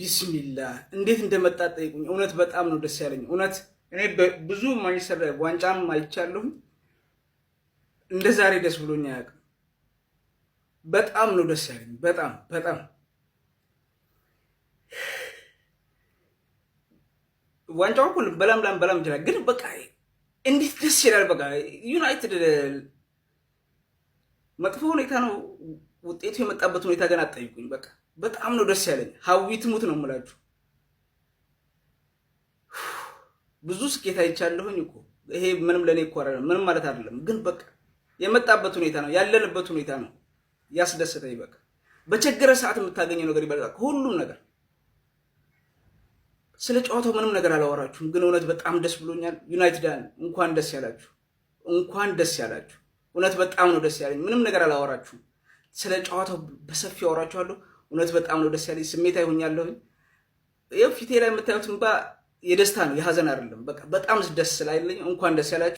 ቢስሚላ እንዴት እንደመጣ ጠይቁኝ። እውነት በጣም ነው ደስ ያለኝ። እውነት እኔ ብዙ ማንችስተር ዋንጫም አይቻለሁም እንደ ዛሬ ደስ ብሎኝ አያውቅም። በጣም ነው ደስ ያለኝ። በጣም በጣም ዋንጫው እኮ በላም ላም በላም ይችላል፣ ግን በቃ እንዴት ደስ ይላል። በቃ ዩናይትድ መጥፎ ሁኔታ ነው ውጤቱ የመጣበት ሁኔታ ገና አጠይቁኝ በቃ በጣም ነው ደስ ያለኝ። ሀዊ ትሙት ነው የምላችሁ። ብዙ ስኬት አይቻለሁኝ እኮ ይሄ ምንም ለእኔ እኮ ምንም ማለት አይደለም፣ ግን በቃ የመጣበት ሁኔታ ነው ያለንበት ሁኔታ ነው ያስደሰተኝ። በቃ በቸገረ ሰዓት የምታገኘው ነገር ይበልጣል ከሁሉም ነገር። ስለ ጨዋታው ምንም ነገር አላወራችሁም፣ ግን እውነት በጣም ደስ ብሎኛል። ዩናይትዳን እንኳን ደስ ያላችሁ፣ እንኳን ደስ ያላችሁ። እውነት በጣም ነው ደስ ያለኝ። ምንም ነገር አላወራችሁም። ስለ ጨዋታው በሰፊ አወራችኋለሁ። እውነት በጣም ነው ደስ ያለኝ። ስሜት አይሆኛለሁኝ። ፊቴ ላይ የምታዩት እንባ የደስታ ነው፣ የሀዘን አይደለም። በቃ በጣም ደስ ስላለኝ እንኳን ደስ ያላችሁ።